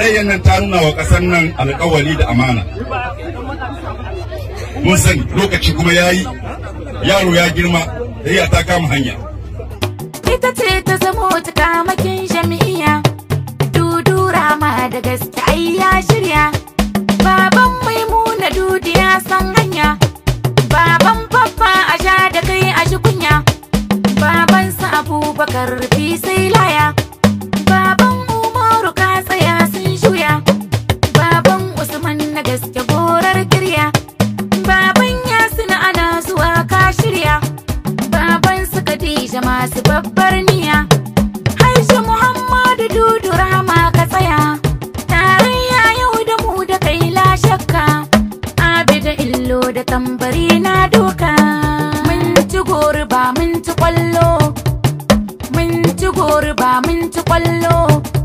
tarayyar nan ta nuna wa ƙasar nan alƙawari da amana mun sani lokaci kuma ya yi yaro ya girma da ya ta kama hanya ita ce ta zamo ta kamakin jami'a dudura ma da gaske ai ya shirya baban maimuna dudu ya san hanya baban baffa a sha da kai a shi kunya baban sa abubakar fi sai laya da masu babbar niya Harshe Muhammadu Dudu Rahama ka tsaya Tarayya yau da mu da kai la shakka Abida illo da tambari na duka Mun ci gori ba mun ci kwallo Mun ci gori ba mun ci kwallo